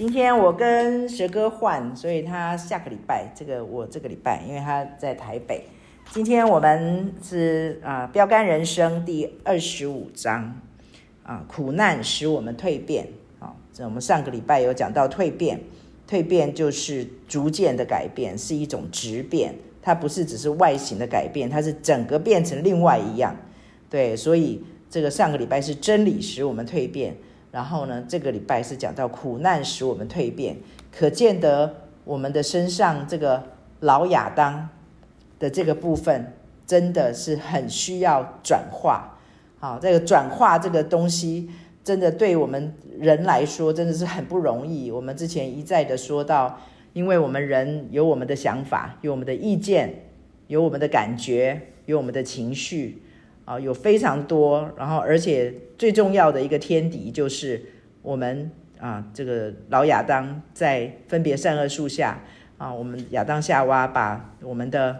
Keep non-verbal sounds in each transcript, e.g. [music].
今天我跟學哥換，所以他下個禮拜，這個我這個禮拜，因為他在台北。今天我們是啊、呃，標竿人生第二十五章啊、呃，苦難使我們蛻變啊。哦、我們上個禮拜有講到蛻變，蛻變就是逐漸的改變，是一種質變，它不是只是外形的改變，它是整個變成另外一樣。對，所以這個上個禮拜是真理使我們蛻變。然後呢，這個禮拜是講到苦難使我們蛻變，可見得我們的身上這個老亞當的這個部分，真的是很需要轉化。好，啊，這個轉化這個東西，真的對我們人來說，真的是很不容易。我們之前一再的說到，因為我們人有我們的想法，有我們的意見，有我們的感覺，有我們的情緒。啊，有非常多，然後而且最重要的一個天敵就是我們啊，這個老亞當在分別善惡樹下啊，我們亞當夏娃把我們的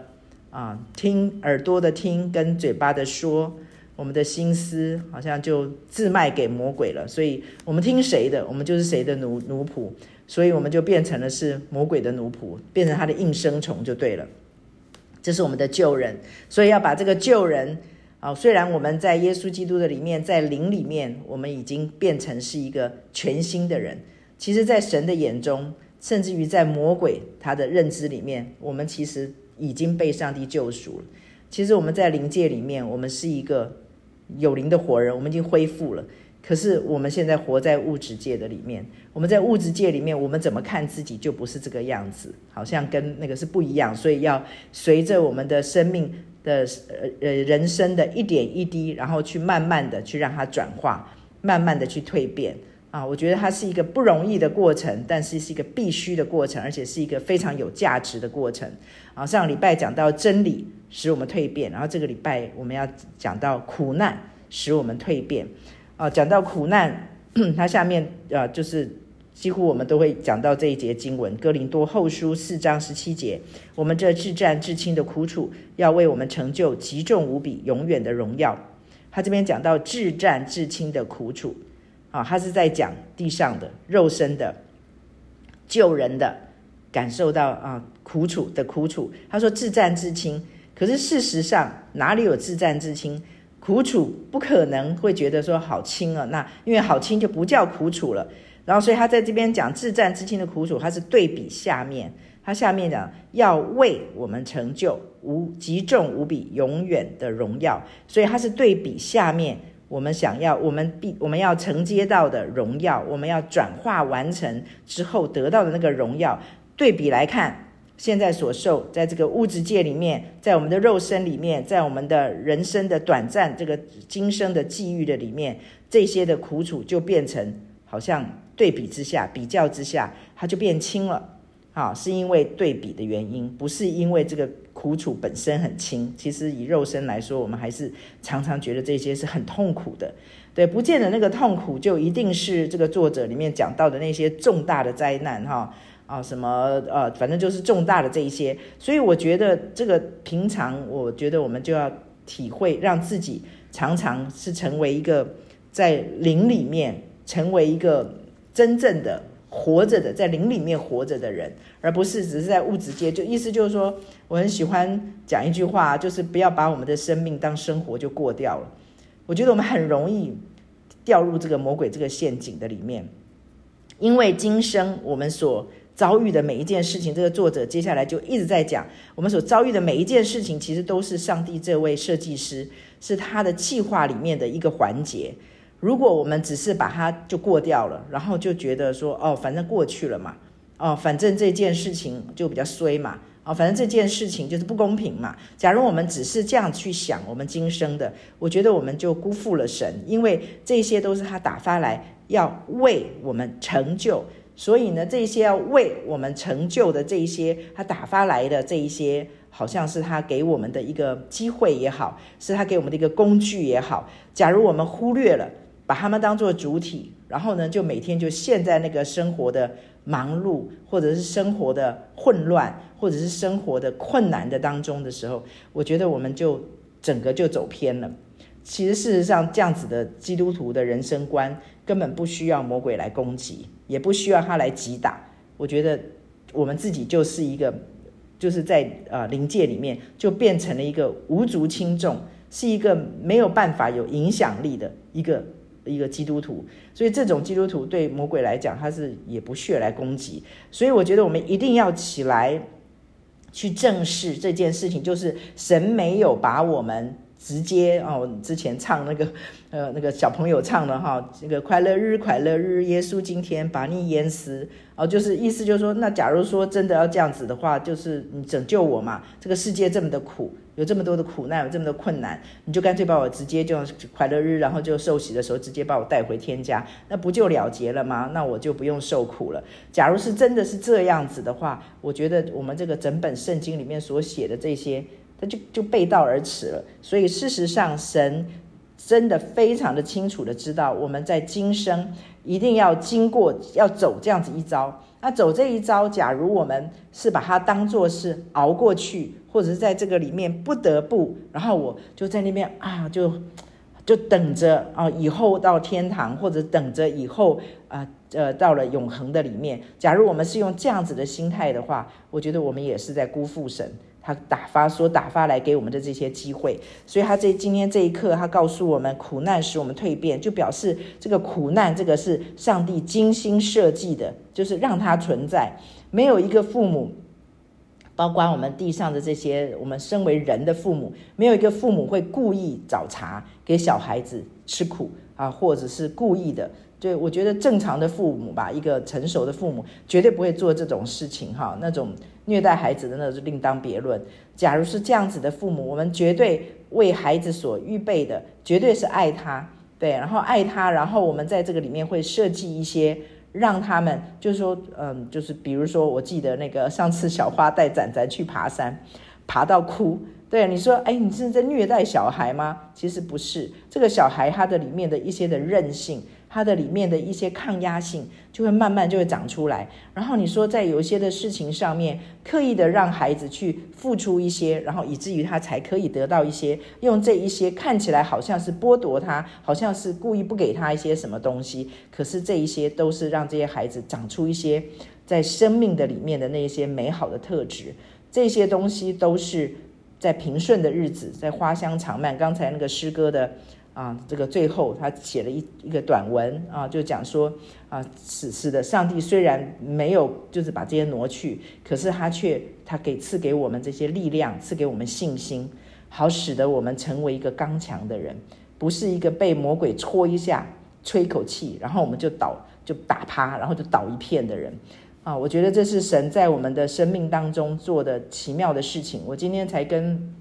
啊聽耳朵的聽跟嘴巴的說，我們的心思好像就自賣給魔鬼了，所以我們聽誰的，我們就是誰的奴奴僕，所以我們就變成了是魔鬼的奴僕，變成他的應聲蟲就對了，這是我們的舊人，所以要把這個舊人。啊、哦，雖然我們在耶穌基督的裡面，在靈裡面，我們已經變成是一個全新的人。其實，在神的眼中，甚至於在魔鬼他的認知裡面，我們其實已經被上帝救贖了。其實，我們在靈界裡面，我們是一個有靈的活人，我們已經恢復了。可是，我們現在活在物質界的裡面，我們在物質界裡面，我們怎麼看自己，就不是這個樣子，好像跟那個是不一樣。所以，要隨着我們的生命。的呃呃，人生的一點一滴，然後去慢慢的去讓它轉化，慢慢的去蛻變啊！我覺得它是一個不容易的過程，但是是一個必須的過程，而且是一個非常有價值的過程啊！上禮拜講到真理使我們蛻變，然後這個禮拜我們要講到苦難使我們蛻變。啊，講到苦難，它下面呃、啊、就是。幾乎我們都會講到這一節經文《哥林多後書》四章十七節。我們這至暫至輕的苦楚，要為我們成就極重無比、永遠的榮耀。他這邊講到至暫至輕的苦楚，啊，他是在講地上的、肉身的、救人的，感受到啊苦楚的苦楚。他說至暫至輕，可是事實上哪裡有至暫至輕？苦楚不可能會覺得說好輕啊，那因為好輕就不叫苦楚了。然後，所以他在這邊講至暫至輕的苦楚，他是對比下面，他下面講要為我們成就無極重無比永遠的榮耀，所以他是對比下面我們想要我們必我們要承接到的榮耀，我們要轉化完成之後得到的那個榮耀，對比來看，現在所受在這個物質界裡面，在我們的肉身裡面，在我們的人生的短暫這個今生的際遇的裡面，這些的苦楚就變成。好像對比之下、比較之下，它就變輕了。好、哦，是因為對比的原因，不是因為這個苦楚本身很輕。其實以肉身來說，我們還是常常覺得這些是很痛苦的。對，不見得那個痛苦就一定是這個作者裡面講到的那些重大的災難。哈、哦、啊，什麼，呃，反正就是重大的這一些。所以我覺得這個平常，我覺得我們就要體會，讓自己常常是成為一個在靈裡面成為一個真正的活着的，在靈裡面活着的人，而不是只是在物質界。就意思就是說，我很喜歡講一句話，就是不要把我們的生命當生活就過掉了。我覺得我們很容易掉入這個魔鬼這個陷阱，的裡面，因為今生我們所遭遇的每一件事情，這個作者接下來就一直在講，我們所遭遇的每一件事情，其實都是上帝這位設計師是他的計劃裡面的一個環節。如果我們只是把它就過掉了，然後就覺得說哦，反正過去了嘛，哦，反正這件事情就比較衰嘛，哦，反正這件事情就是不公平嘛。假如我們只是這樣去想我們今生的，我覺得我們就辜負了神，因為這些都是他打發來要為我們成就。所以呢，這些要為我們成就的這一些，他打發來的這一些，好像是他給我們的一個機會也好，是他給我們的一個工具也好。假如我們忽略了，把他們當做主體，然後呢，就每天就陷在那個生活的忙碌，或者是生活的混亂，或者是生活的困難的當中的時候，我覺得我們就整個就走偏了。其實事實上，這樣子的基督徒的人生觀根本不需要魔鬼來攻擊，也不需要他來擊打。我覺得我們自己就是一個，就是在呃靈界裡面就變成了一個無足輕重，是一個沒有辦法有影響力的一個。一個基督徒，所以這種基督徒對魔鬼來講，他是也不屑來攻擊。所以我覺得我們一定要起來去正視這件事情，就是神沒有把我們直接哦，之前唱那個呃那個小朋友唱的哈，那個快樂日快樂日，耶穌今天把你淹死哦，就是意思就是說，那假如說真的要這樣子的話，就是你拯救我嘛，這個世界這麼的苦。有這麼多的苦難，有這麼多困難，你就乾脆把我直接就快樂日，然後就受洗的時候直接把我帶回天家，那不就了結了嗎？那我就不用受苦了。假如是真的是這樣子的話，我覺得我們這個整本聖經裡面所寫的這些，它就就背道而馳了。所以事實上，神真的非常的清楚的知道，我們在今生一定要經過，要走這樣子一遭。那走這一遭，假如我們是把它當作是熬過去。或者是在這個裡面不得不，然後我就在那邊啊，就就等着啊，以後到天堂，或者等着以後啊呃，到了永恆的裡面。假如我們是用這樣子的心態的話，我覺得我們也是在辜負神，他打發，說打發來給我們的這些機會。所以他這今天這一刻，他告訴我們，苦難使我們蛻變，就表示這個苦難，這個是上帝精心設計的，就是讓他存在。沒有一個父母。包括我們地上的這些，我們身為人的父母，沒有一個父母會故意找茬給小孩子吃苦啊，或者是故意的。對，我覺得正常的父母吧，一個成熟的父母絕對不會做這種事情哈。那種虐待孩子的那是另當別論。假如是這樣子的父母，我們絕對為孩子所預備的，絕對是愛他，對，然後愛他，然後我們在這個裡面會設計一些。讓他們就是說，嗯，就是比如說，我記得那個上次小花帶仔仔去爬山，爬到哭。對，你說，哎，你是，是在虐待小孩嗎？其實不是，這個小孩他的裡面的一些的韌性。它的裡面的一些抗壓性就會慢慢就會長出來。然後你說，在有些的事情上面，刻意的讓孩子去付出一些，然後以至於他才可以得到一些。用這一些看起來好像是剝奪他，好像是故意不給他一些什麼東西，可是這一些都是讓這些孩子長出一些在生命的裡面的那一些美好的特質。這些東西都是。在平順的日子，在花香長漫。剛才那個詩歌的啊，這個最後他寫了一一個短文啊，就講說啊，使使的上帝雖然沒有就是把這些挪去，可是他卻他給賜給我們這些力量，賜給我們信心，好使得我們成為一個剛強的人，不是一個被魔鬼戳一下、吹一口氣，然後我們就倒就打趴，然後就倒一片的人。啊，我覺得這是神在我們的生命當中做的奇妙的事情。我今天才跟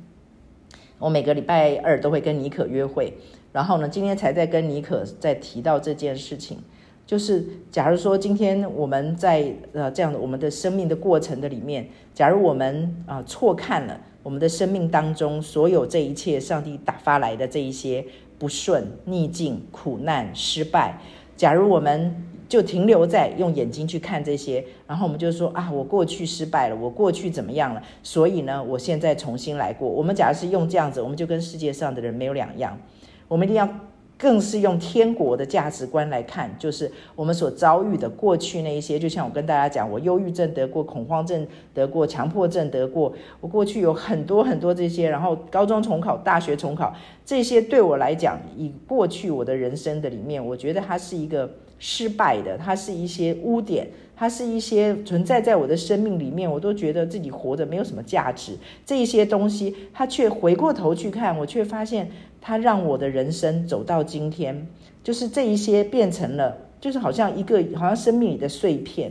我每個禮拜二都會跟妮可約會，然後呢，今天才在跟妮可在提到這件事情。就是假如說今天我們在呃這樣的我們的生命的過程的裡面，假如我們啊、呃，錯看了我們的生命當中所有這一切，上帝打發來的這一些不順、逆境、苦難、失敗，假如我們。就停留在用眼睛去看這些，然後我們就說啊，我過去失敗了，我過去怎麼樣了？所以呢，我現在重新來過。我們假如是用這樣子，我們就跟世界上的人沒有兩樣。我們一定要更是用天國的價值觀來看，就是我們所遭遇的過去那一些。就像我跟大家講，我憂鬱症得過，恐慌症得過，強迫症得過。我過去有很多很多這些，然後高中重考，大學重考，這些對我來講，以過去我的人生的裡面，我覺得它是一個。失敗的，它是一些污點，它是一些存在在我的生命裡面，我都覺得自己活着沒有什麼價值。這一些東西，它卻回過頭去看，我卻發現它讓我的人生走到今天，就是這一些變成了，就是好像一個好像生命裡的碎片，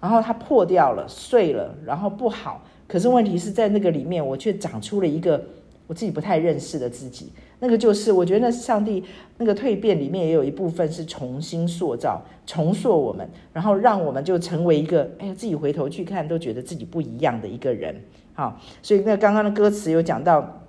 然後它破掉了，碎了，然後不好。可是問題是在那個裡面，我卻長出了一個。我自己不太認識的自己，那個就是，我覺得那上帝那個蛻變裡面也有一部分是重新塑造、重塑我們，然後讓我們就成為一個，哎呀，自己回頭去看都覺得自己不一樣的一個人。好，所以那剛剛的歌詞有講到，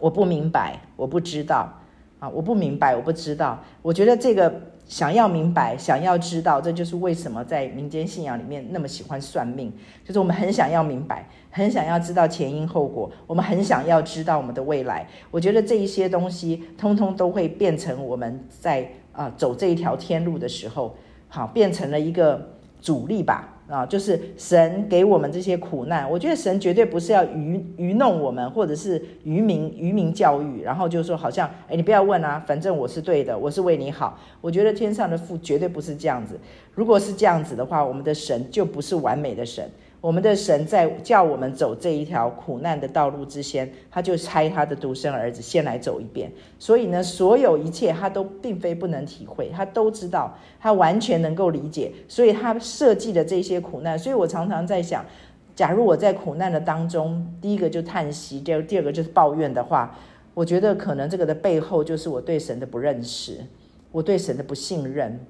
我不明白，我不知道。啊，我不明白，我不知道。我覺得這個想要明白，想要知道，這就是為什麼在民間信仰裡面那麼喜歡算命，就是我們很想要明白，很想要知道前因後果，我們很想要知道我們的未來。我覺得這一些東西，通通都會變成我們在啊、呃、走這一條天路的時候，好，變成了一個阻力吧。啊，就是神給我們這些苦難，我覺得神絕對不是要愚愚弄我們，或者是愚民愚民教育，然後就是說好像，哎，你不要問啊，反正我是對的，我是為你好。我覺得天上的父絕對不是這樣子。如果是這樣子的話，我們的神就不是完美的神。我們的神在叫我們走這一條苦難的道路之前，他就差他的獨生兒子先來走一遍。所以呢，所有一切他都並非不能體會，他都知道，他完全能夠理解。所以他設計的這些苦難，所以我常常在想，假如我在苦難的當中，第一個就嘆息，第二第二個就是抱怨的話，我覺得可能這個的背後就是我對神的不認識，我對神的不信任。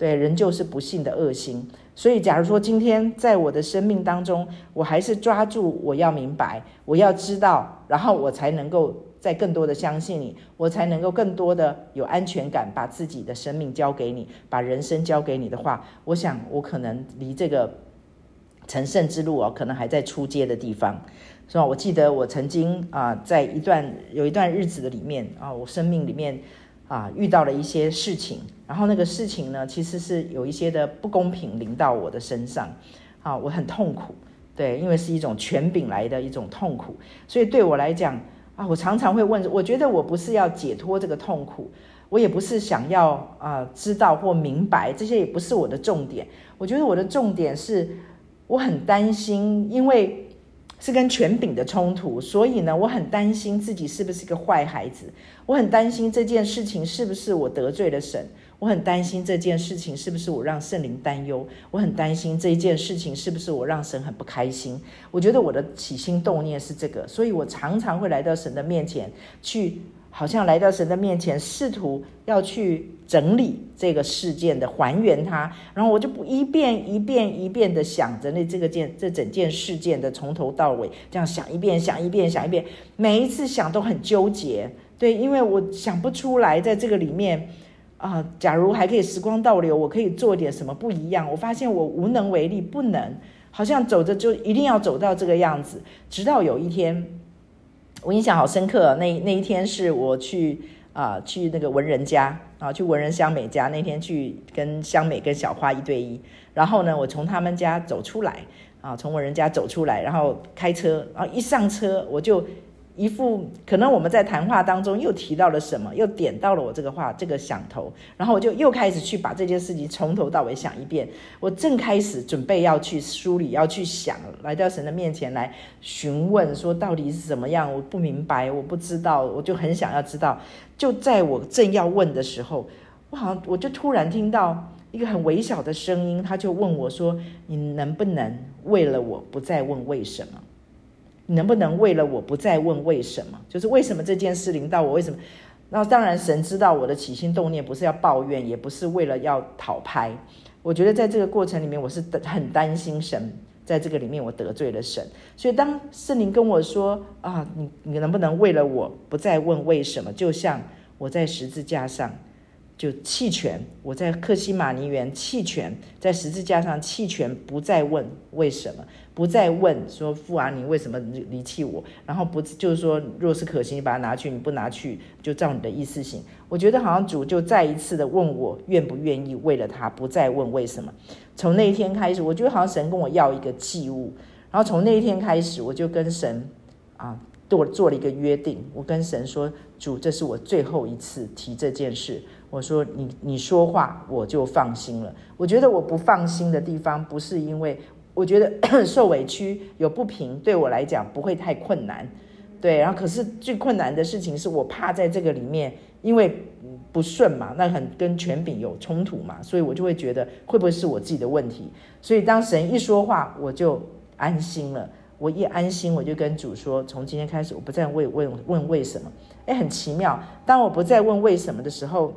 對，人就是不信的惡心。所以，假如說今天在我的生命當中，我還是抓住我要明白，我要知道，然後我才能夠再更多的相信你，我才能夠更多的有安全感，把自己的生命交給你，把人生交給你的話，我想我可能離這個成聖之路哦，可能還在初階的地方，是吧？我記得我曾經啊，在一段有一段日子的裡面啊，我生命裡面啊遇到了一些事情。然後那個事情呢，其實是有一些的不公平臨到我的身上，啊，我很痛苦，對，因為是一種權柄來的一種痛苦，所以對我來講啊，我常常會問，我覺得我不是要解脫這個痛苦，我也不是想要啊、呃、知道或明白這些，也不是我的重點，我覺得我的重點是，我很擔心，因為是跟權柄的衝突，所以呢，我很擔心自己是不是個壞孩子，我很擔心這件事情是不是我得罪了神。我很擔心這件事情是不是我讓聖靈擔憂，我很擔心這一件事情是不是我讓神很不開心。我覺得我的起心動念是這個，所以我常常會來到神的面前，去好像來到神的面前，試圖要去整理這個事件的還原它，然後我就不一遍一遍一遍的想着那這個件這整件事件的從頭到尾這樣想一遍想一遍想一遍，每一次想都很糾結，對，因為我想不出來在這個裡面。啊，假如還可以時光倒流，我可以做點什麼不一樣？我發現我無能為力，不能，好像走着就一定要走到這個樣子。直到有一天，我印象好深刻，那那一天是我去啊，去那個文人家啊，去文人香美家，那天去跟香美跟小花一對一。然後呢，我從他們家走出來啊，從文人家走出來，然後開車啊，然後一上車我就。一副可能我們在談話當中又提到了什麼，又點到了我這個話這個響頭，然後我就又開始去把這件事情從頭到尾想一遍。我正開始準備要去梳理，要去想，來到神的面前來詢問說到底是怎麼樣，我不明白，我不知道，我就很想要知道。就在我正要問的時候，我好像我就突然聽到一個很微小的聲音，他就問我說：“你能不能為了我不再問為什麼？”能不能為了我不再問為什麼？就是為什麼這件事臨到我？為什麼？那當然，神知道我的起心動念，不是要抱怨，也不是為了要討拍。我覺得在這個過程裡面，我是很擔心神，在這個裡面，我得罪了神。所以當聖靈跟我說啊，你你能不能為了我不再問為什麼？就像我在十字架上。就棄權，我在客西瑪尼園棄權，在十字架上棄權，不再問為什麼，不再問說父阿、啊、你為什麼離棄我，然後不就是說若是可行，你把它拿去，你不拿去就照你的意思行。我覺得好像主就再一次的問我願不願意為了他不再問為什麼。從那一天開始，我覺得好像神跟我要一個祭物，然後從那一天開始，我就跟神啊做做了一個約定，我跟神說主，這是我最後一次提這件事。我說你你說話，我就放心了。我覺得我不放心的地方，不是因為我覺得 [coughs] 受委屈有不平，對我來講不會太困難，對。然後可是最困難的事情是我怕在這個裡面，因為不順嘛，那很跟權柄有衝突嘛，所以我就會覺得會不會是我自己的問題？所以當神一說話，我就安心了。我一安心，我就跟主說，從今天開始我不再問問問為什麼。誒，很奇妙，當我不再問為什麼的時候。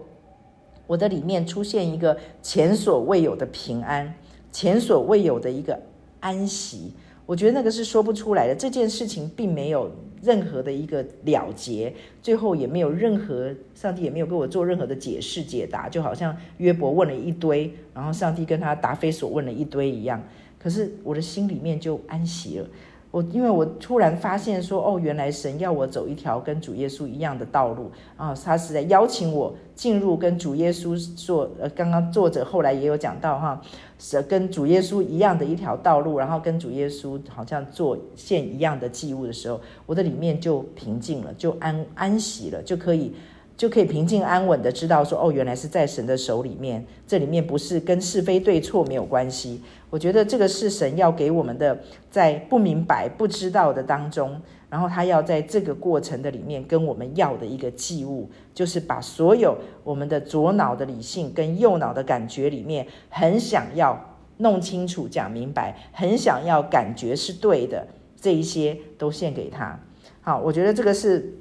我的裡面出現一個前所未有的平安，前所未有的一個安息。我覺得那個是說不出來的。這件事情並沒有任何的一個了結，最後也沒有任何上帝也沒有給我做任何的解釋解答，就好像約伯問了一堆，然後上帝跟他答非所問了一堆一樣。可是我的心裡面就安息了。我因為我突然發現說，哦，原來神要我走一條跟主耶穌一樣的道路啊，然後他是在邀請我進入跟主耶穌做，呃，剛剛作者後來也有講到哈，是跟主耶穌一樣的一條道路，然後跟主耶穌好像做現一樣的祭物的時候，我的裡面就平靜了，就安安息了，就可以就可以平靜安穩的知道說，哦，原來是在神的手裡面，這裡面不是跟是非對錯沒有關係。我覺得這個是神要給我們的，在不明白、不知道的當中，然後他要在這個過程的裡面跟我們要的一個祭物，就是把所有我們的左腦的理性跟右腦的感覺裡面，很想要弄清楚、講明白，很想要感覺是對的，這一些都獻給他。好，我覺得這個是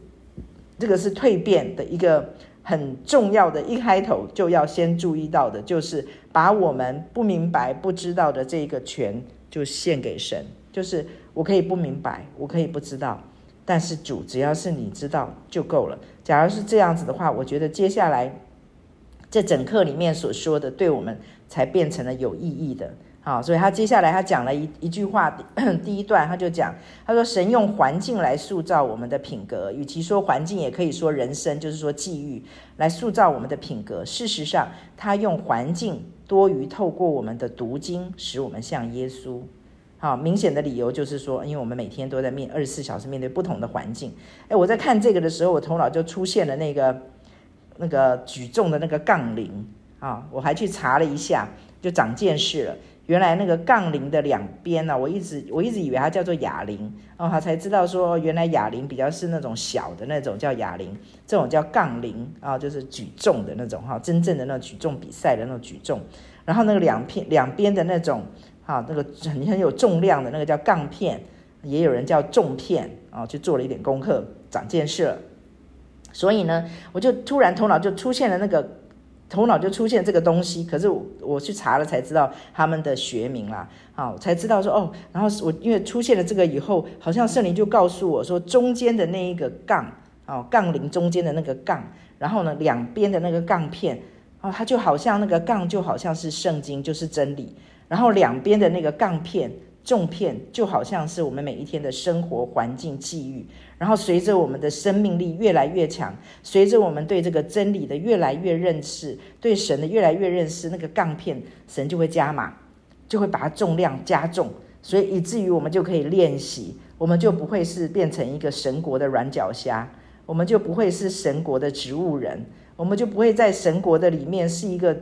這個是蛻變的一個。很重要的一開頭就要先注意到的，就是把我們不明白、不知道的這個權就獻給神。就是我可以不明白，我可以不知道，但是主只要是你知道就夠了。假如是這樣子的話，我覺得接下來這整課裡面所說的，對我們才變成了有意義的。好，所以他接下來他講了一一句話，第一段他就講，他說神用環境來塑造我們的品格，與其說環境，也可以說人生，就是說際遇來塑造我們的品格。事實上，他用環境多於透過我們的讀經使我們像耶穌。好，明顯的理由就是說，因為我們每天都在面二十四小時面對不同的環境。哎，我在看這個的時候，我頭腦就出現了那個那個舉重的那個槓鈴啊，我還去查了一下，就長見識了。原來那個槓鈴的兩邊呢、啊，我一直我一直以為它叫做啞鈴，哦，他才知道說原來啞鈴比較是那種小的那種叫啞鈴，這種叫槓鈴啊、哦，就是舉重的那種哈、哦，真正的那種舉重比賽的那種舉重。然後那個兩片兩邊的那種哈、哦，那個很很有重量的那個叫槓片，也有人叫重片啊，就、哦、做了一點功課長見識了。所以呢，我就突然頭腦就出現了那個。頭腦就出現這個東西，可是我，我去查了才知道他們的學名啦，啊，才知道說哦，然後我因為出現了這個以後，好像聖靈就告訴我說，中間的那一個槓，哦，槓鈴中間的那個槓，然後呢，兩邊的那個槓片，啊，哦，它就好像那個槓就好像是聖經就是真理，然後兩邊的那個槓片。重片，就好像是我們每一天的生活環境際遇，然後隨着我們的生命力越來越強，隨着我們對這個真理的越來越認識，對神的越來越認識，那個槓片神就會加碼，就會把它重量加重，所以以至於我們就可以練習，我們就不會是變成一個神國的軟腳蝦，我們就不會是神國的植物人，我們就不會在神國的裡面是一個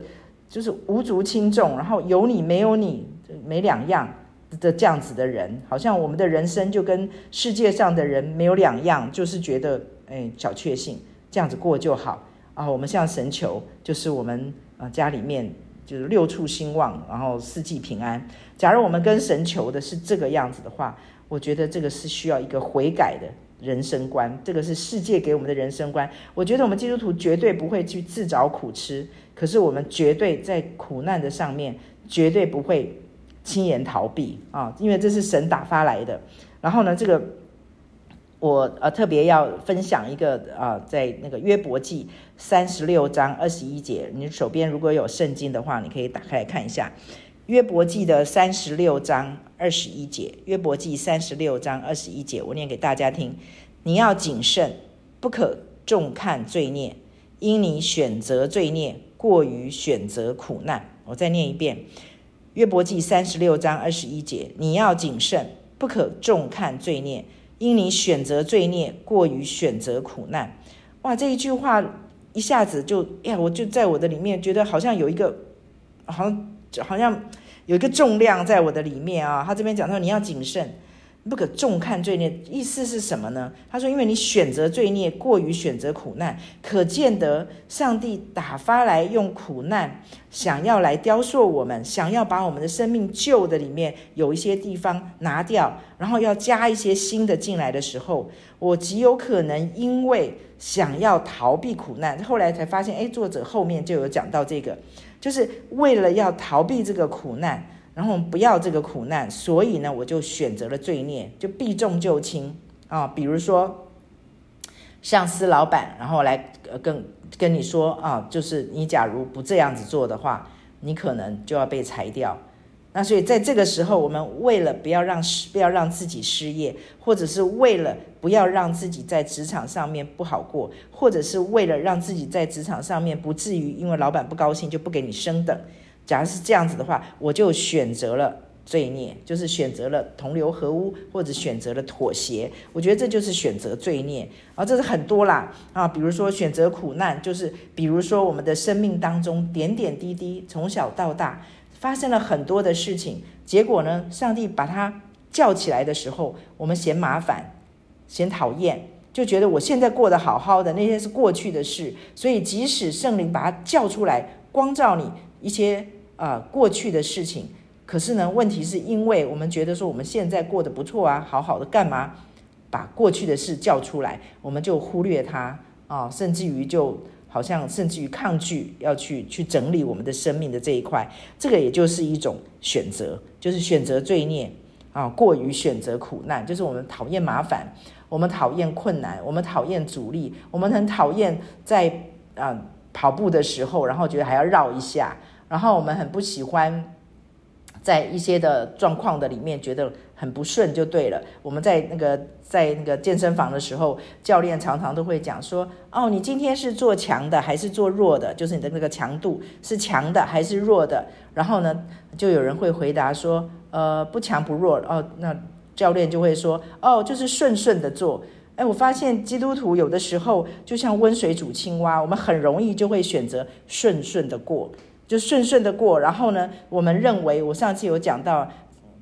就是無足輕重，然後有你沒有你沒兩樣。的這樣子的人，好像我們的人生就跟世界上的人沒有兩樣，就是覺得誒、欸，小確幸這樣子過就好啊。我們向神求，就是我們啊家裡面就是六畜興旺，然後四季平安。假如我們跟神求的是這個樣子的話，我覺得這個是需要一個悔改的人生觀，這個是世界給我們的人生觀。我覺得我們基督徒絕對不會去自找苦吃，可是我們絕對在苦難的上面絕對不會。輕言逃避啊，因為這是神打發來的。然後呢，這個我呃、啊、特別要分享一個啊，在那個約伯記三十六章二十一節，你手邊如果有聖經的話，你可以打開來看一下。約伯記的三十六章二十一節，約伯記三十六章二十一節，我念給大家聽。你要謹慎，不可重看罪孽，因你選擇罪孽，過於選擇苦難。我再念一遍。約伯記三十六章二十一節，你要謹慎，不可重看罪孽，因你選擇罪孽，過於選擇苦難。哇，這一句話一下子就呀、哎，我就在我的裡面覺得好像有一個，好像好像有一個重量在我的裡面啊、哦。他這邊講說你要謹慎。不可重看罪孽，意思是什麼呢？他說：“因為你選擇罪孽，過於選擇苦難，可見得上帝打發來用苦難，想要來雕塑我們，想要把我們的生命舊的裡面有一些地方拿掉，然後要加一些新的進來的時候，我極有可能因為想要逃避苦難，後來才發現，誒、欸，作者後面就有講到這個，就是為了要逃避這個苦難。”然後我們不要這個苦難，所以呢，我就選擇了罪孽，就避重就輕啊。比如說，上司老闆，然後來，呃，跟跟你說啊，就是你假如不這樣子做的話，你可能就要被裁掉。那所以在這個時候，我們為了不要讓失不要讓自己失業，或者是為了不要讓自己在職場上面不好過，或者是為了讓自己在職場上面不至於因為老闆不高興就不給你升等。假如是這樣子的話，我就選擇了罪孽，就是選擇了同流合污，或者選擇了妥協。我覺得這就是選擇罪孽啊，這是很多啦啊。比如說選擇苦難，就是比如說我們的生命當中點點滴滴，從小到大發生了很多的事情。結果呢，上帝把他叫起來的時候，我們嫌麻煩，嫌討厭，就覺得我現在過得好好的，那些是過去的事。所以即使聖靈把他叫出來，光照你。一些啊、呃、過去的事情，可是呢，問題是因為我們覺得說我們現在過得不錯啊，好好的幹嘛把過去的事叫出來，我們就忽略它啊、呃，甚至於就好像甚至於抗拒要去去整理我們的生命的這一塊，這個也就是一種選擇，就是選擇罪孽啊、呃，過於選擇苦難，就是我們討厭麻煩，我們討厭困難，我們討厭阻力，我們很討厭在啊、呃、跑步的時候，然後覺得還要繞一下。然後我們很不喜歡在一些的狀況的裡面覺得很不順就對了。我們在那個在那個健身房的時候，教練常常都會講說：“哦，你今天是做強的還是做弱的？就是你的那個強度是強的還是弱的？”然後呢，就有人會回答說：“呃，不強不弱。”哦，那教練就會說：“哦，就是順順的做。”哎，我發現基督徒有的時候就像溫水煮青蛙，我們很容易就會選擇順順的過。就順順的過，然後呢，我們認為我上次有講到，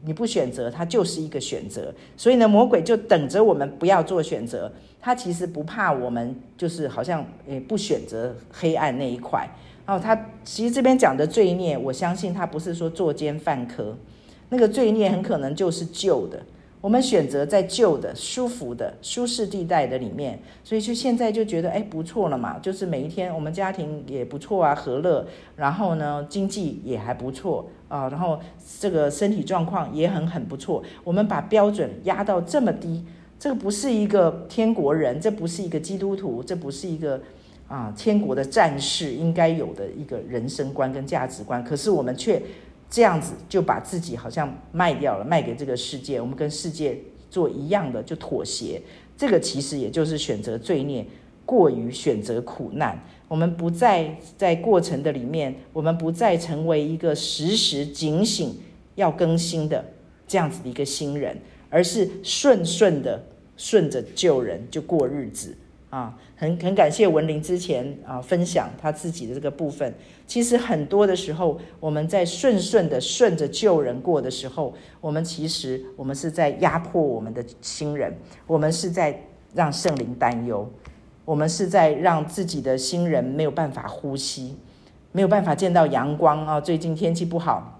你不選擇，它就是一個選擇，所以呢，魔鬼就等着我們不要做選擇，他其實不怕我們，就是好像誒不選擇黑暗那一塊，然後他其實這邊講的罪孽，我相信他不是說作奸犯科，那個罪孽很可能就是舊的。我們選擇在舊的、舒服的、舒適地帶的裡面，所以就現在就覺得哎不錯了嘛。就是每一天我們家庭也不錯啊，和樂，然後呢，經濟也還不錯啊，然後這個身體狀況也很很不錯。我們把標準壓到這麼低，這個不是一個天國人，這不是一個基督徒，這不是一個啊天國的戰士應該有的一個人生觀跟價值觀。可是我們卻。這樣子就把自己好像賣掉了，賣給這個世界。我們跟世界做一樣的，就妥協。這個其實也就是選擇罪孽，過於選擇苦難。我們不再在過程的裡面，我們不再成為一個時時警醒、要更新的這樣子的一個新人，而是順順的順着舊人就過日子。啊，很很感謝文玲之前啊分享他自己的這個部分。其實很多的時候，我們在順順的順着舊人過的時候，我們其實我們是在壓迫我們的新人，我們是在讓聖靈擔憂，我們是在讓自己的新人沒有辦法呼吸，沒有辦法見到陽光啊。最近天氣不好，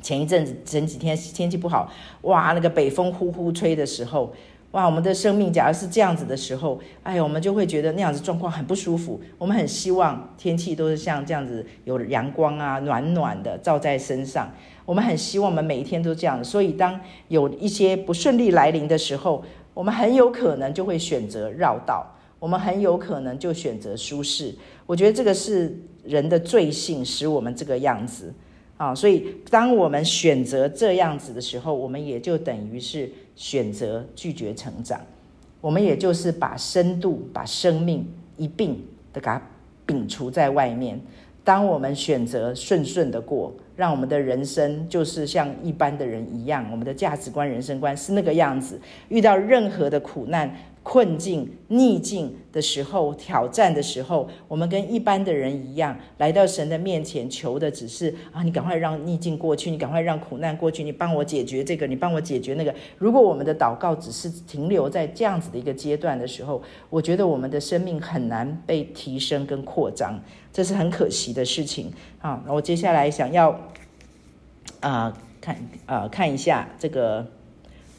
前一陣子前幾天天氣不好，哇，那個北風呼呼吹的時候。哇，我們的生命假如是這樣子的時候，哎呀，我們就會覺得那樣子狀況很不舒服。我們很希望天氣都是像這樣子，有陽光啊，暖暖的照在身上。我們很希望我們每一天都這樣。所以，當有一些不順利來臨的時候，我們很有可能就會選擇繞道，我們很有可能就選擇舒適。我覺得這個是人的罪性，使我們這個樣子。啊、哦，所以當我們選擇這樣子的時候，我們也就等於是選擇拒絕成長，我們也就是把深度、把生命一併的給它摒除在外面。當我們選擇順順的過，讓我們的人生就是像一般的人一樣，我們的價值觀、人生觀是那個樣子，遇到任何的苦難，困境、逆境的時候，挑戰的時候，我們跟一般的人一樣，來到神的面前求的只是啊，你趕快讓逆境過去，你趕快讓苦難過去，你幫我解決這個，你幫我解決那個。如果我們的禱告只是停留在這樣子的一個階段的時候，我覺得我們的生命很難被提升跟擴張，這是很可惜的事情啊。那我接下來想要啊、呃、看啊、呃、看一下這個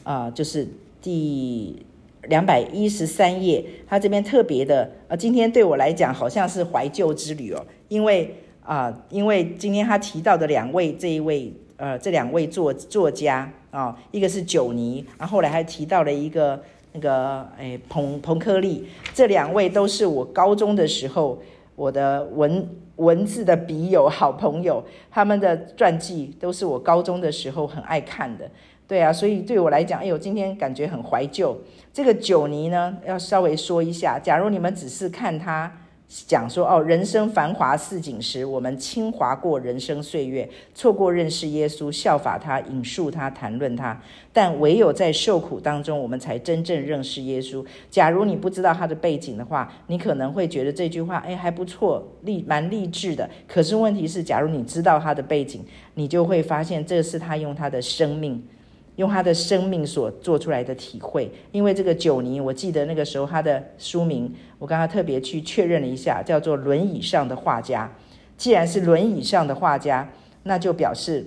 啊、呃，就是第。兩百一十三頁，他這邊特別的，呃，今天對我來講好像是懷舊之旅哦，因為啊、呃，因為今天他提到的兩位，這一位，呃，這兩位作作家啊、呃，一個是瓊妮，然後後來還提到了一個那個，哎、欸，彭彭柯麗，這兩位都是我高中的時候我的文文字的筆友、好朋友，他們的傳記都是我高中的時候很愛看的。對啊，所以對我來講，哎呦，今天感覺很懷舊。這個九尼呢，要稍微說一下。假如你們只是看他講說，哦，人生繁華似錦時，我們輕滑過人生歲月，錯過認識耶穌，效法他，引述他，談論他。但唯有在受苦當中，我們才真正認識耶穌。假如你不知道他的背景的話，你可能會覺得這句話，哎，還不錯，勵蠻勵志的。可是問題是，假如你知道他的背景，你就會發現，這是他用他的生命。用他的生命所做出來的體會，因為這個九妮，我記得那個時候他的書名，我剛剛特別去確認了一下，叫做《輪椅上的畫家》。既然是輪椅上的畫家，那就表示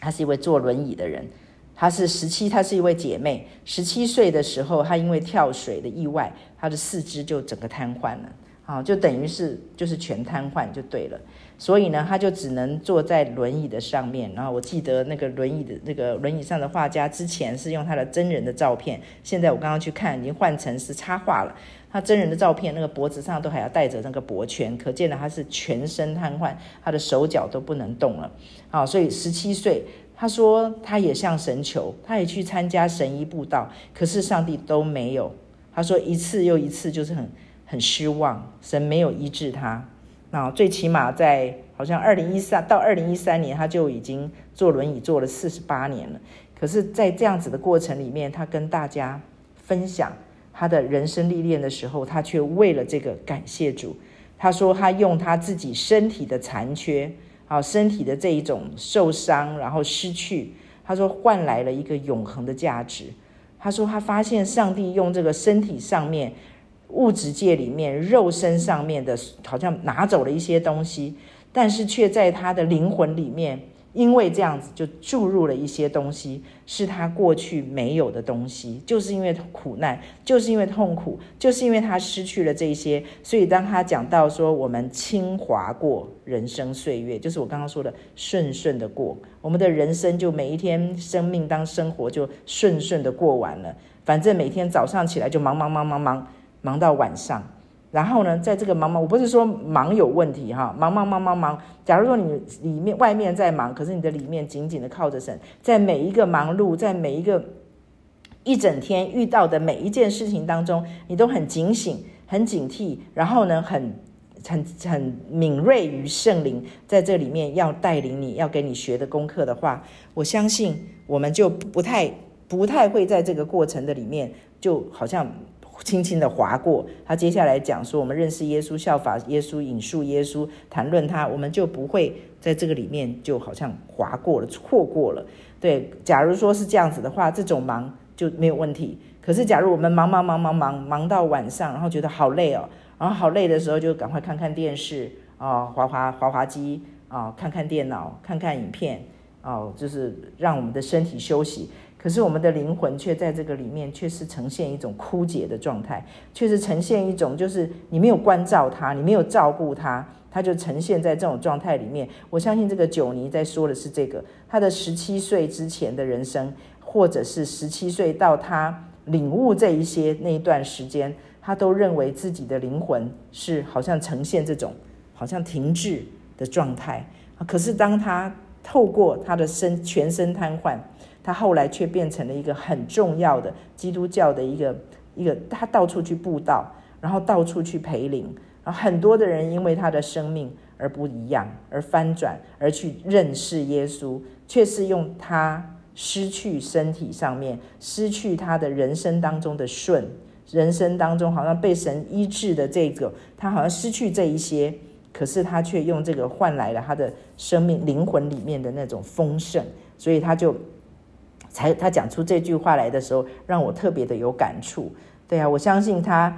他是一位坐輪椅的人。他是十七，他是一位姐妹，十七歲的時候，他因為跳水的意外，他的四肢就整個癱瘓了，啊，就等於是就是全癱瘓就對了。所以呢，他就只能坐在輪椅的上面。然後我記得那個輪椅的、那個輪椅上的畫家之前是用他的真人的照片，現在我剛剛去看，已經換成是插畫了。他真人的照片，那個脖子上都還要戴着那個脖圈，可見呢，他是全身癱瘓，他的手腳都不能動了。好，所以十七歲，他說他也向神求，他也去參加神醫佈道，可是上帝都沒有。他說一次又一次，就是很很失望，神沒有醫治他。那最起碼在好像二零一三到二零一三年，他就已經坐輪椅坐了四十八年了。可是，在這樣子的過程裡面，他跟大家分享他的人生歷練的時候，他卻為了這個感謝主。他說他用他自己身體的殘缺，啊，身體的這一種受傷，然後失去，他說換來了一個永恆的價值。他說他發現上帝用這個身體上面。物質界裡面，肉身上面的，好像拿走了一些東西，但是卻在他的靈魂裡面，因為這樣子就注入了一些東西，是他過去沒有的東西。就是因為苦難，就是因為痛苦，就是因為他失去了這些，所以當他講到說我們輕滑過人生歲月，就是我剛剛說的順順的過，我們的人生就每一天生命當生活就順順的過完了，反正每天早上起來就忙忙忙忙忙。忙到晚上，然後呢，在這個忙忙，我不是說忙有問題哈，忙忙忙忙忙。假如說你裡面外面在忙，可是你的裡面緊緊的靠着神，在每一個忙碌，在每一個一整天遇到的每一件事情當中，你都很警醒、很警惕，然後呢，很很很敏銳於聖靈在這裡面要帶領你要給你學的功課的話，我相信我們就不太不太會在這個過程的裡面，就好像。輕輕的劃過，他接下來講說，我們認識耶穌、效法耶穌、引述耶穌、談論他，我們就不會在這個裡面就好像劃過了、錯過了。對，假如說是這樣子的話，這種忙就沒有問題。可是，假如我們忙忙忙忙忙忙到晚上，然後覺得好累哦，然後好累的時候，就趕快看看電視啊、呃、滑滑滑滑機啊、呃，看看電腦、看看影片啊、呃，就是讓我們的身體休息。可是我們的靈魂卻在這個裡面，卻是呈現一種枯竭的狀態，卻是呈現一種就是你沒有關照他，你沒有照顧他，他就呈現在這種狀態裡面。我相信這個九妮在說的是這個，他的十七歲之前的人生，或者是十七歲到他領悟這一些那一段時間，他都認為自己的靈魂是好像呈現這種好像停滯的狀態。可是當他透過他的身全身癱瘓。他後來卻變成了一個很重要的基督教的一個一個，他到處去布道，然後到處去培靈，然後很多的人因為他的生命而不一樣，而翻轉，而去認識耶穌，卻是用他失去身體上面，失去他的人生當中的順，人生當中好像被神醫治的這個，他好像失去這一些，可是他卻用這個換來了他的生命靈魂裡面的那種豐盛，所以他就。才他講出這句話來的時候，讓我特別的有感觸。對啊，我相信他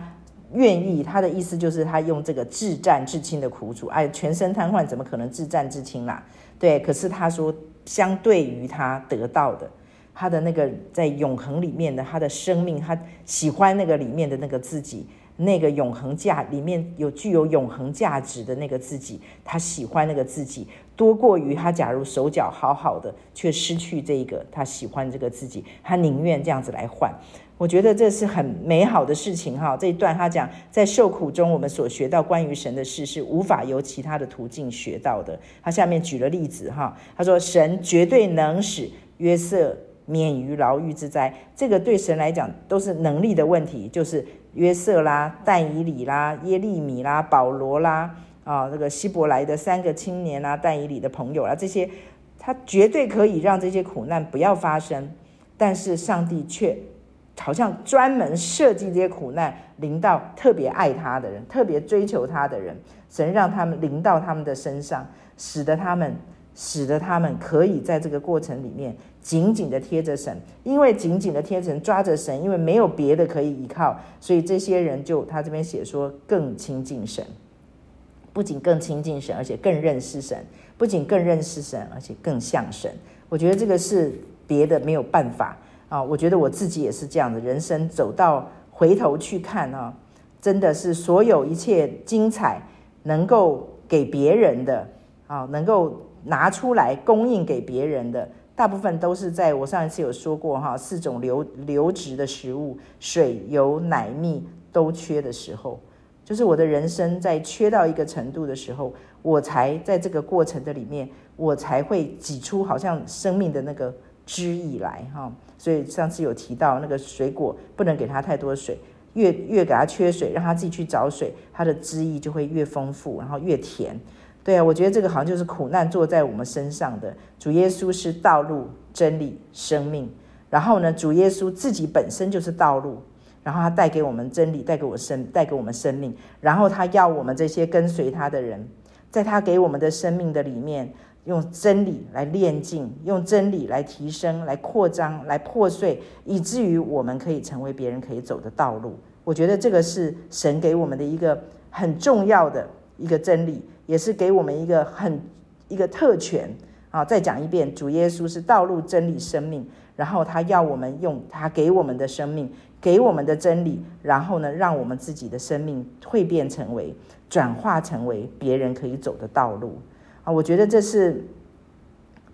願意，他的意思就是他用這個自戰自親的苦楚，哎、啊，全身癱瘓，怎麼可能自戰自親啦、啊？對，可是他說，相對於他得到的，他的那個在永恆裡面的他的生命，他喜歡那個裡面的那個自己，那個永恆價裡面有具有永恆價值的那個自己，他喜歡那個自己。多過於他，假如手腳好好的，卻失去這一個他喜歡這個自己，他寧願這樣子來換。我覺得這是很美好的事情哈。這一段他講，在受苦中，我們所學到關於神的事是無法由其他的途徑學到的。他下面舉了例子哈，他說神絕對能使約瑟免於牢獄之災。這個對神來講都是能力的問題，就是約瑟啦、但以理啦、耶利米啦、保羅啦。啊、哦，這個希伯來的三個青年啊，但以理的朋友啊，這些，他絕對可以讓這些苦難不要發生，但是上帝卻好像專門設計這些苦難臨到特別愛他的人，特別追求他的人，神讓他們臨到他們的身上，使得他們，使得他們可以在這個過程裡面緊緊的貼着神，因為緊緊的貼着神，抓着神，因為沒有別的可以依靠，所以這些人就他這邊寫說更親近神。不僅更親近神，而且更認識神；不僅更認識神，而且更像神。我覺得這個是別的沒有辦法啊。我覺得我自己也是這樣的。人生走到回頭去看啊，真的是所有一切精彩，能夠給別人的啊，能夠拿出來供應給別人的，大部分都是在我上一次有說過哈，四種流流質的食物，水、油、奶、蜜都缺的時候。就是我的人生在缺到一個程度的時候，我才在這個過程的裡面，我才會擠出好像生命的那個汁液來哈。所以上次有提到那個水果不能給它太多水，越越給它缺水，讓它自己去找水，它的汁液就會越豐富，然後越甜。對啊，我覺得這個好像就是苦難坐在我們身上的。主耶穌是道路、真理、生命，然後呢，主耶穌自己本身就是道路。然後他帶給我們真理，帶給我生，帶給我們生命。然後他要我們這些跟隨他的人，在他給我們的生命的裡面，用真理來煉淨，用真理來提升，來擴張，來破碎，以至於我們可以成為別人可以走的道路。我覺得這個是神給我們的一個很重要的一個真理，也是給我們一個很一個特權。好，再講一遍，主耶穌是道路、真理、生命。然後他要我們用他給我們的生命。給我們的真理，然後呢，讓我們自己的生命蛻變成為、轉化成為別人可以走的道路啊！我覺得這是，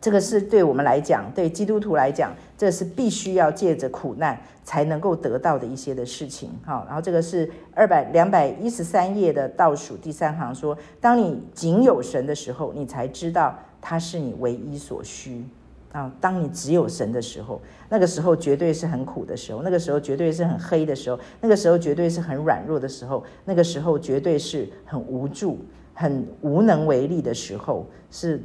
這個是對我們來講，對基督徒來講，這是必須要借着苦難才能夠得到的一些的事情。好，然後這個是二百、兩百一十三頁的倒數第三行說：當你僅有神的時候，你才知道他是你唯一所需。啊，當你只有神的時候，那個時候絕對是很苦的時候，那個時候絕對是很黑的時候，那個時候絕對是很軟弱的時候，那個時候絕對是很無助、很無能為力的時候，是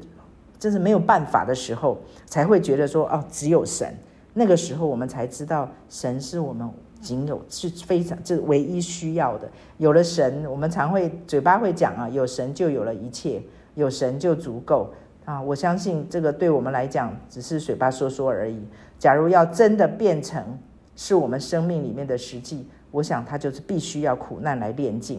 真是沒有辦法的時候，才會覺得說哦，只有神。那個時候我們才知道，神是我們僅有、是非常這是唯一需要的。有了神，我們常會嘴巴會講啊，有神就有了一切，有神就足夠。啊，我相信這個對我們來講只是嘴巴說說而已。假如要真的變成是我們生命裡面的實際，我想它就是必須要苦難來煉淨。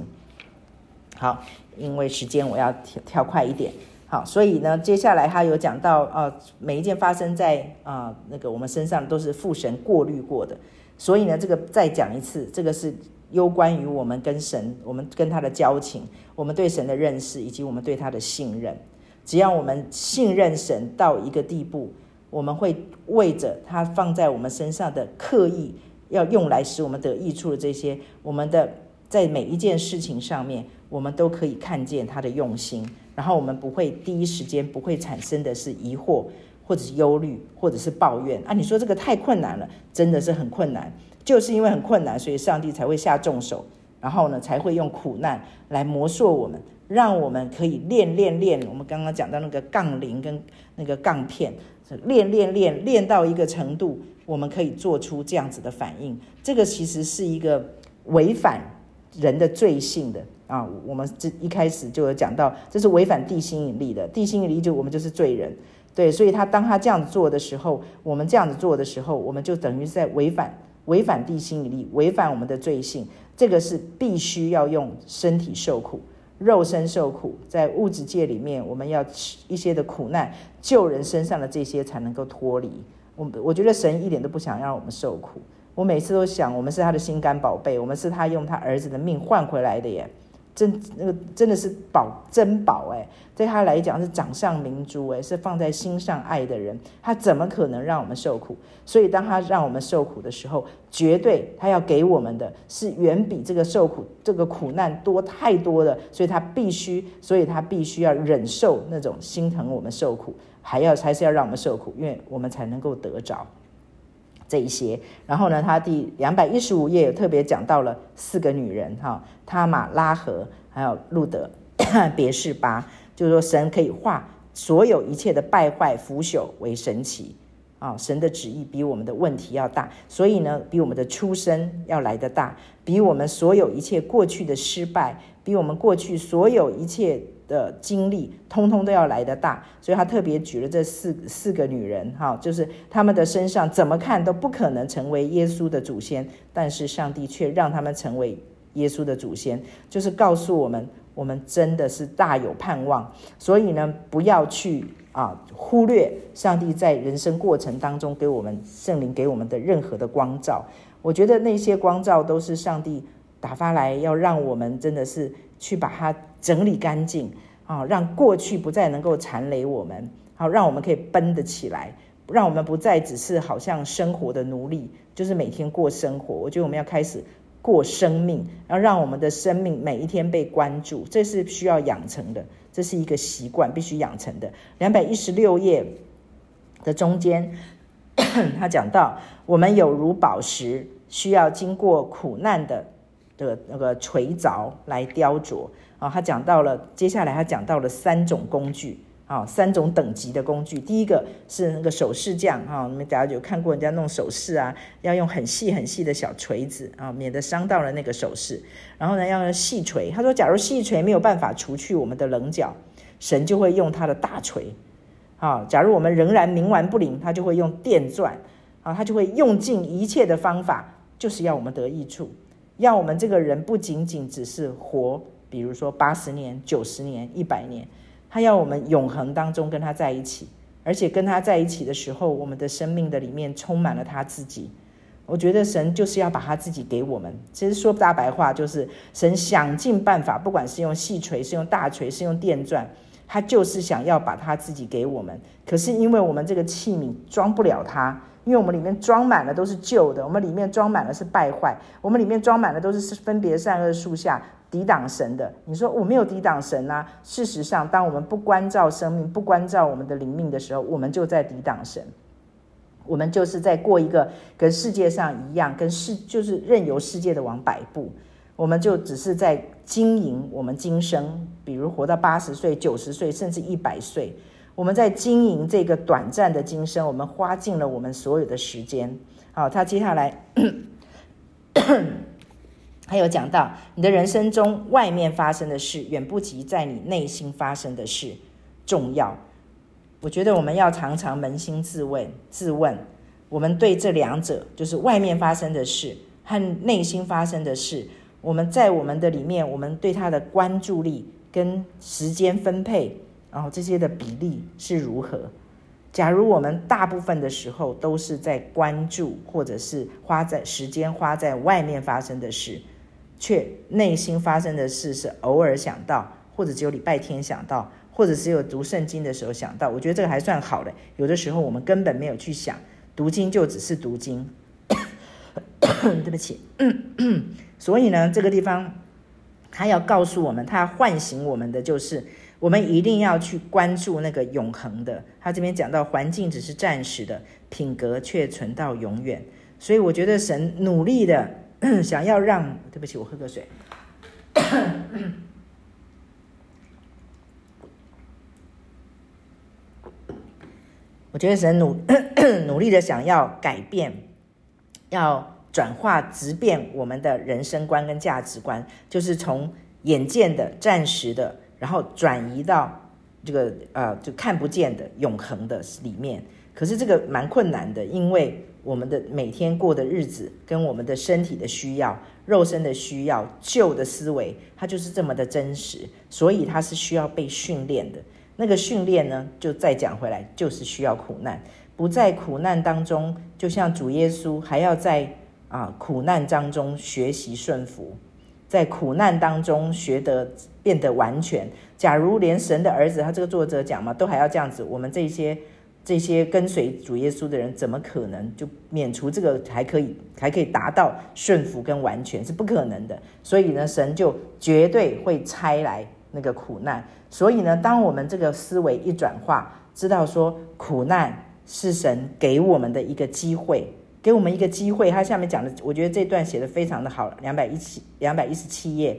好，因為時間我要跳跳快一點。好，所以呢，接下來他有講到，啊、呃，每一件發生在啊、呃、那個我們身上都是父神過濾過的。所以呢，這個再講一次，這個是攸關於我們跟神、我們跟他的交情、我們對神的認識以及我們對他的信任。只要我們信任神到一個地步，我們會為着他放在我們身上的刻意要用來使我們得益處的這些，我們的在每一件事情上面，我們都可以看見他的用心。然後我們不會第一時間不會產生的是疑惑，或者是憂慮，或者是抱怨。啊，你說這個太困難了，真的是很困難，就是因為很困難，所以上帝才會下重手。然後呢，才會用苦難來磨塑我們，讓我們可以練練練。我們剛剛講到那個槓鈴跟那個槓片，練練練練到一個程度，我們可以做出這樣子的反應。這個其實是一個違反人的罪性的啊。我們這一開始就有講到，這是違反地心引力的。地心引力就我們就是罪人，對。所以他當他這樣子做的時候，我們這樣子做的時候，我們就等於是在違反，違反地心引力，違反我們的罪性。這個是必須要用身體受苦，肉身受苦，在物質界裡面，我們要吃一些的苦難，救人身上的這些才能夠脫離。我我覺得神一點都不想讓我們受苦，我每次都想，我們是他的心肝寶貝，我們是他用他兒子的命換回來的耶。真，那個真的是寶珍寶哎，對他來講是掌上明珠哎，欸，是放在心上愛的人，他怎麼可能讓我們受苦？所以當他讓我們受苦的時候，絕對他要給我們的是遠比這個受苦這個苦難多太多的，所以他必須，所以他必須要忍受那種心疼我們受苦，還要還是要讓我們受苦，因為我們才能夠得着。這一些，然後呢，他第兩百一十五頁有特別講到了四個女人，哈、哦，他瑪、喇合，還有路得，呵呵別是巴，就是說神可以化所有一切的敗壞腐朽為神奇，啊、哦，神的旨意比我們的問題要大，所以呢，比我們的出生要來得大，比我們所有一切過去的失敗，比我們過去所有一切。的經歷通通都要來得大，所以他特別舉了這四四個女人，哈，就是他們的身上怎麼看都不可能成為耶穌的祖先，但是上帝卻讓他們成為耶穌的祖先，就是告訴我們，我們真的是大有盼望。所以呢，不要去啊忽略上帝在人生過程當中給我們聖靈給我們的任何的光照。我覺得那些光照都是上帝打發來要讓我們真的是去把它。整理乾淨啊、哦，讓過去不再能夠纏累我們，好、哦，讓我們可以奔得起來，讓我們不再只是好像生活的奴隸，就是每天過生活。我覺得我們要開始過生命，要讓我們的生命每一天被關注，這是需要養成的，這是一個習慣必須養成的。兩百一十六頁的中間咳咳，他講到，我們有如寶石，需要經過苦難的的那個錘鑿來雕琢。哦、他講到了，接下來他講到了三種工具啊、哦，三種等級的工具。第一個是那個首飾匠啊，你們大家有看過人家弄首飾啊？要用很細很細的小錘子啊、哦，免得傷到了那個首飾。然後呢，要用細錘。他說，假如細錘沒有辦法除去我們的稜角，神就會用他的大錘。啊、哦，假如我們仍然冥頑不靈，他就會用電鑽啊、哦，他就會用盡一切的方法，就是要我們得益處，要我們這個人不僅僅只是活。比如說八十年、九十年、一百年，他要我們永恆當中跟他在一起，而且跟他在一起的時候，我們的生命的裡面充滿了他自己。我覺得神就是要把他自己給我們。其實說不大白話就是，神想盡辦法，不管是用細錘、是用大錘、是用電鑽，他就是想要把他自己給我們。可是因為我們這個器皿裝不了他。因為我們裡面裝滿了都是舊的，我們裡面裝滿了是敗壞，我們裡面裝滿了都是分別善惡樹下抵擋神的。你說我沒有抵擋神啊？事實上，當我們不關照生命，不關照我們的靈命的時候，我們就在抵擋神。我們就是在過一個跟世界上一樣，跟世就是任由世界的王擺布。我們就只是在經營我們今生，比如活到八十歲、九十歲，甚至一百歲。我們在經營這個短暫的今生，我們花盡了我們所有的時間。好，他接下來 [coughs] 還有講到，你的人生中外面發生的事，遠不及在你內心發生的事重要。我覺得我們要常常捫心自問，自問我們對這兩者，就是外面發生的事和內心發生的事，我們在我們的裡面，我們對它的關注力跟時間分配。然後、哦、這些的比例是如何？假如我們大部分的時候都是在關注，或者是花在時間花在外面發生的事，卻內心發生的事是偶爾想到，或者只有禮拜天想到，或者只有讀聖經的時候想到。我覺得這個還算好的。有的時候我們根本沒有去想，讀經就只是讀經。 [coughs] 對不起、嗯嗯。所以呢，這個地方他要告訴我們，他要喚醒我們的就是。我們一定要去關注那個永恆的。他這邊講到，環境只是暫時的，品格卻存到永遠。所以我覺得神努力的想要讓，對不起，我喝個水。我覺得神努努力的想要改變，要轉化、直變我們的人生觀跟價值觀，就是從眼見的、暫時的。然後轉移到這個呃，就看不見的永恆的裡面。可是這個蠻困難的，因為我們的每天過的日子跟我們的身體的需要、肉身的需要、舊的思維，它就是這麼的真實，所以它是需要被訓練的。那個訓練呢，就再講回來，就是需要苦難。不在苦難當中，就像主耶穌還要在啊，呃，苦難當中學習順服。在苦難當中學得變得完全。假如連神的兒子，他這個作者講嘛，都還要這樣子，我們這些這些跟隨主耶穌的人，怎麼可能就免除這個，還可以還可以達到順服跟完全，是不可能的。所以呢，神就絕對會拆來那個苦難。所以呢，當我們這個思維一轉化，知道說苦難是神給我們的一個機會。給我們一個機會，他下面講的，我覺得這段寫得非常的好，兩百一十七兩百一十七頁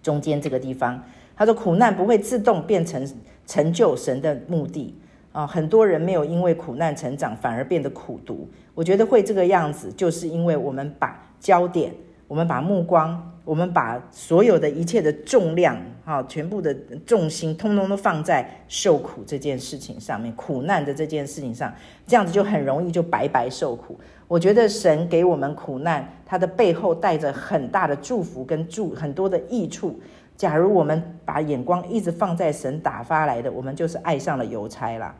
中間這個地方，他說苦難不會自動變成成就神的目的啊，很多人沒有因為苦難成長，反而變得苦毒。我覺得會這個樣子，就是因為我們把焦點，我們把目光。我們把所有的一切的重量，啊，全部的重心，通通都放在受苦這件事情上面，苦難的這件事情上，這樣子就很容易就白白受苦。我覺得神給我們苦難，他的背後帶着很大的祝福跟祝很多的益處。假如我們把眼光一直放在神打發來的，我們就是愛上了郵差啦。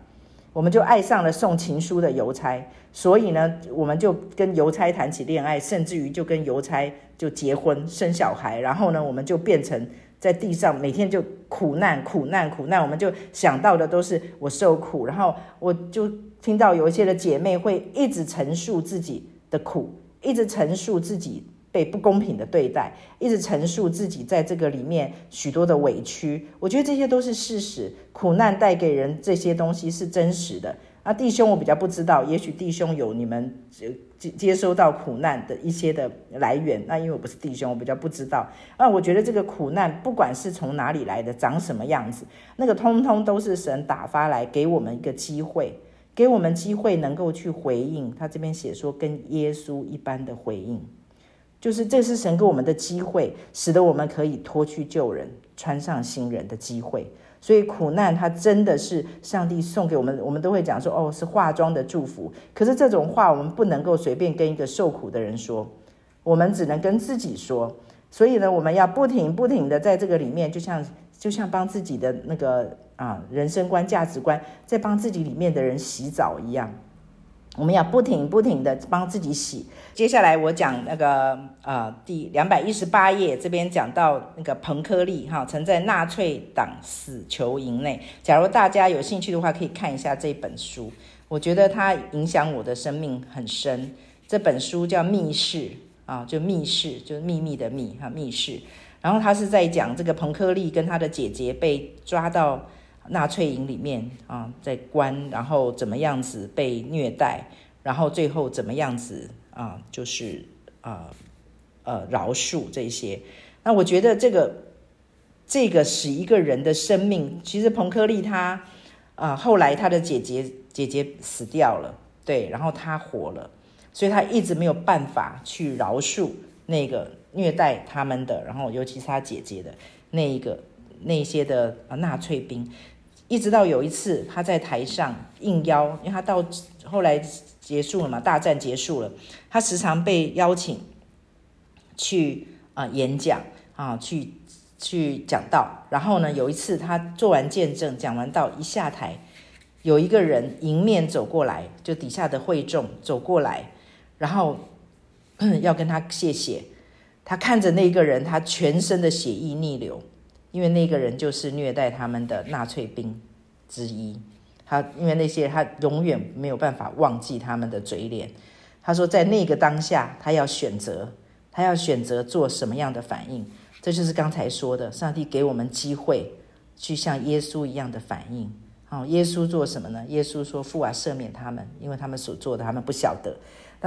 我們就愛上了送情書的郵差，所以呢，我們就跟郵差談起戀愛，甚至於就跟郵差就結婚生小孩。然後呢，我們就變成在地上每天就苦難、苦難、苦難。我們就想到的都是我受苦。然後我就聽到有一些的姐妹會一直陳述自己的苦，一直陳述自己。被不公平的對待，一直陳述自己在這個裡面許多的委屈，我覺得這些都是事實，苦難帶給人這些東西是真實的。啊，弟兄，我比較不知道，也許弟兄有你們接接收到苦難的一些的來源，那因為我不是弟兄，我比較不知道。那、啊、我覺得這個苦難不管是從哪裡來的，長什麼樣子，那個通通都是神打發來給我們一個機會，給我們機會能夠去回應。他這邊寫說，跟耶穌一般的回應。就是這是神給我們的機會，使得我們可以脫去舊人、穿上新人的機會。所以苦難它真的是上帝送給我們，我們都會講說哦，是化妝的祝福。可是這種話我們不能夠隨便跟一個受苦的人說，我們只能跟自己說。所以呢，我們要不停不停的在這個裡面，就像就像幫自己的那個啊人生觀、價值觀，在幫自己裡面的人洗澡一樣。我們要不停不停的幫自己洗。接下來我講那個呃第兩百一十八頁，這邊講到那個彭克利。哈、哦，曾在納粹黨死囚營內。假如大家有興趣的話，可以看一下這本書。我覺得它影響我的生命很深。這本書叫《密室》啊，就，密室就密的啊《密室》，就是秘密的密哈《密室》。然後他是在講這個彭克利跟他的姐姐被抓到。納粹營裡面啊，在關，然後怎麼樣子被虐待，然後最後怎麼樣子啊，就是啊呃饒恕這些。那我覺得這個這個使一個人的生命，其實彭克利他啊，後來他的姐姐姐姐死掉了，對，然後他活了，所以他一直沒有辦法去饒恕那個虐待他們的，然後尤其是他姐姐的那個，那一個那些的啊納粹兵。一直到有一次，他在台上應邀，因為他到後來結束了嘛，大戰結束了，他時常被邀請去啊、呃、演講啊，去去講道。然後呢，有一次他做完見證，講完道一下台，有一個人迎面走過來，就底下的會眾走過來，然後要跟他謝謝。他看着那個人，他全身的血液逆流。因為那個人就是虐待他們的納粹兵之一，他因為那些他永遠沒有辦法忘記他們的嘴臉。他說，在那個當下，他要選擇，他要選擇做什麼樣的反應。這就是剛才說的，上帝給我們機會去像耶穌一樣的反應。好，耶穌做什麼呢？耶穌說：“父啊，赦免他們，因為他們所做的，他們不曉得。”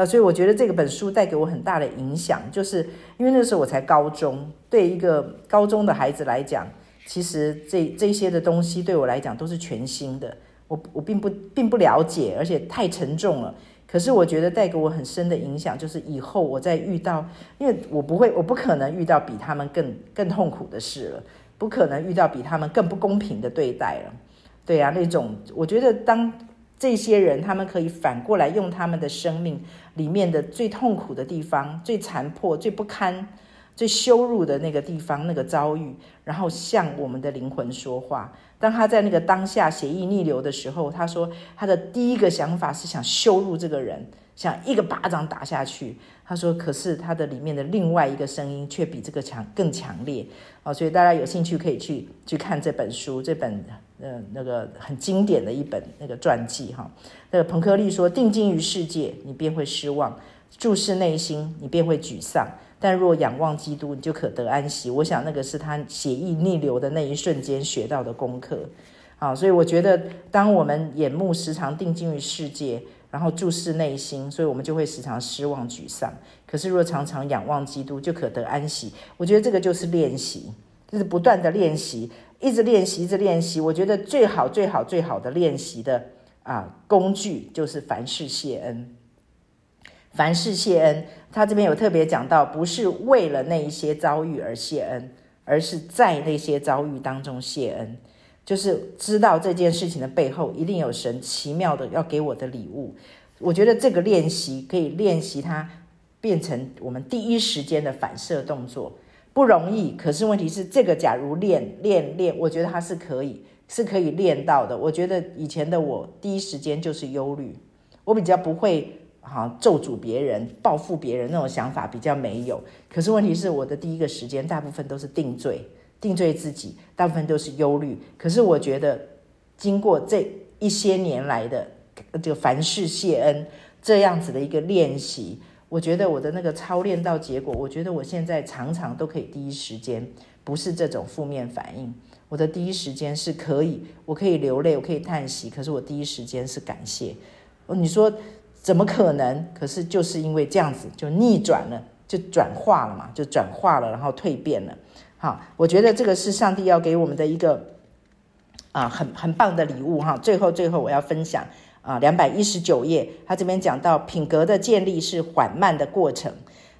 所以我覺得這個本書帶給我很大的影響，就是因為那時候我才高中，對一個高中的孩子來講，其實這這些的東西對我來講都是全新的，我我並不並不了解，而且太沉重了。可是我覺得帶給我很深的影響，就是以後我再遇到，因為我不會，我不可能遇到比他們更更痛苦的事了，不可能遇到比他們更不公平的對待了。對啊，那種我覺得當。這些人，他們可以反過來用他們的生命裡面的最痛苦的地方、最殘破、最不堪、最羞辱的那個地方、那個遭遇，然後向我們的靈魂說話。當他在那個當下血液逆流的時候，他說他的第一個想法是想羞辱這個人。想一個巴掌打下去，他說：“可是他的裡面的另外一個聲音卻比這個強更強烈。”所以大家有興趣可以去去看這本書，這本呃那個很經典的一本那個傳記哈。那個彭克利說：“定睛於世界，你便會失望；注視內心，你便會沮喪。但若仰望基督，你就可得安息。”我想那個是他血液逆流的那一瞬間學到的功課啊。所以我覺得，當我們眼目時常定睛於世界，然後注視內心，所以我們就會時常失望沮喪。可是如果常常仰望基督，就可得安息。我覺得這個就是練習，就是不斷的練，練習，一直練習，一直練習。我覺得最好、最好、最好的練習的啊工具就是凡事謝恩，凡事謝恩。他這邊有特別講到，不是為了那一些遭遇而謝恩，而是在那些遭遇當中謝恩。就是知道這件事情的背後一定有神奇妙的要給我的禮物，我覺得這個練習可以練習它變成我們第一時間的反射動作，不容易。可是問題是，這個假如練練練，我覺得它是可以，是可以練到的。我覺得以前的我第一時間就是憂慮，我比較不會哈、啊、咒詛別人、報復別人那種想法比較沒有。可是問題是，我的第一個時間大部分都是定罪。定罪自己，大部分都是憂慮。可是我覺得，經過這一些年來的就凡事謝恩這樣子的一個練習，我覺得我的那個操練到結果，我覺得我現在常常都可以第一時間不是這種負面反應，我的第一時間是可以，我可以流淚，我可以嘆息，可是我第一時間是感謝。你說怎麼可能？可是就是因為這樣子就逆轉了，就轉化了嘛，就轉化了，然後蛻變了。好，我覺得這個是上帝要給我們的一個啊很很棒的禮物哈，啊。最後，最後我要分享啊，兩百一十九頁，他這邊講到品格的建立是緩慢的過程。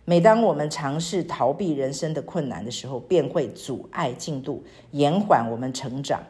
每當我們嘗試逃避人生的困難的時候，便會阻礙進度，延緩我們成長。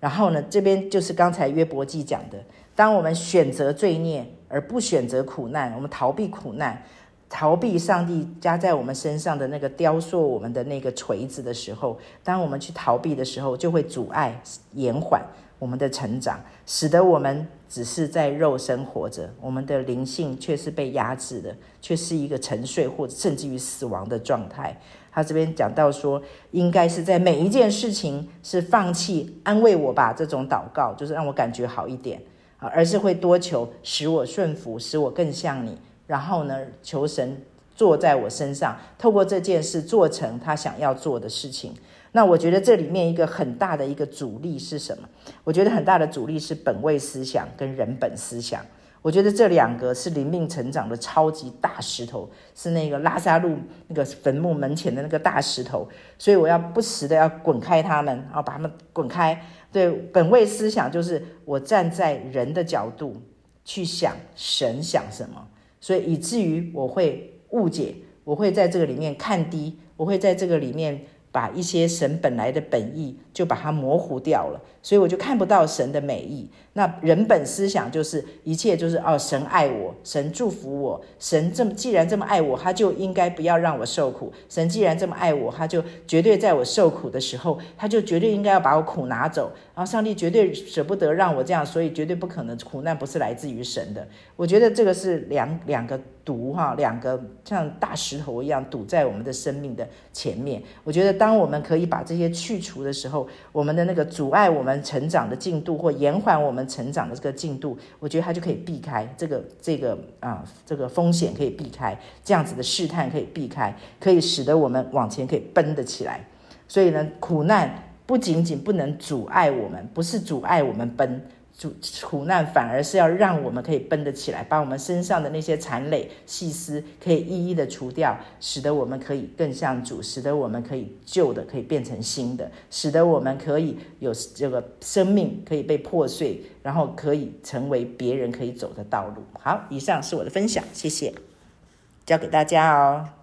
然後呢，這邊就是剛才約伯記講的，當我們選擇罪孽而不選擇苦難，我們逃避苦難。逃避上帝加在我們身上的那個雕塑我們的那個錘子的時候，當我們去逃避的時候，就會阻礙、延緩我們的成長，使得我們只是在肉身活著，我們的靈性卻是被壓制的，卻是一個沉睡或者甚至於死亡的狀態。他這邊講到說，應該是在每一件事情是放棄安慰我吧這種禱告，就是讓我感覺好一點啊，而是會多求使我順服，使我更像你。然後呢，求神做在我身上，透過這件事做成他想要做的事情。那我覺得這裡面一個很大的一個阻力是什麼？我覺得很大的阻力是本位思想跟人本思想。我覺得這兩個是靈命成長的超級大石頭，是那個拉撒路那個墳墓門前的那個大石頭。所以我要不時的要滾開他們，然後把他們滾開。對，本位思想就是我站在人的角度去想神想什麼。所以以至於我會誤解，我會在這個裡面看低，我會在這個裡面把一些神本來的本意就把它模糊掉了。所以我就看不到神的美意。那人本思想就是一切就是哦，神愛我，神祝福我，神這麼既然這麼愛我，他就應該不要讓我受苦。神既然這麼愛我，他就絕對在我受苦的時候，他就絕對應該要把我苦拿走。然後，哦，上帝絕對舍不得讓我這樣，所以絕對不可能苦難不是來自於神的。我覺得這個是兩兩個堵哈、啊，兩個像大石頭一樣堵在我們的生命的前面。我覺得當我們可以把這些去除的時候，我們的那個阻礙我們。我們成長的進度，或延緩我們成長的這個進度，我覺得它就可以避開這個這個啊這個風險，可以避開這樣子的試探，可以避開，可以使得我們往前可以奔得起來。所以呢，苦難不僅僅不能阻礙我們，不是阻礙我們奔。苦難反而是要讓我們可以奔得起來，把我們身上的那些纏累、細絲可以一一的除掉，使得我們可以更像主，使得我們可以舊的可以變成新的，使得我們可以有這個生命可以被破碎，然後可以成為別人可以走的道路。好，以上是我的分享，謝謝，交給大家哦。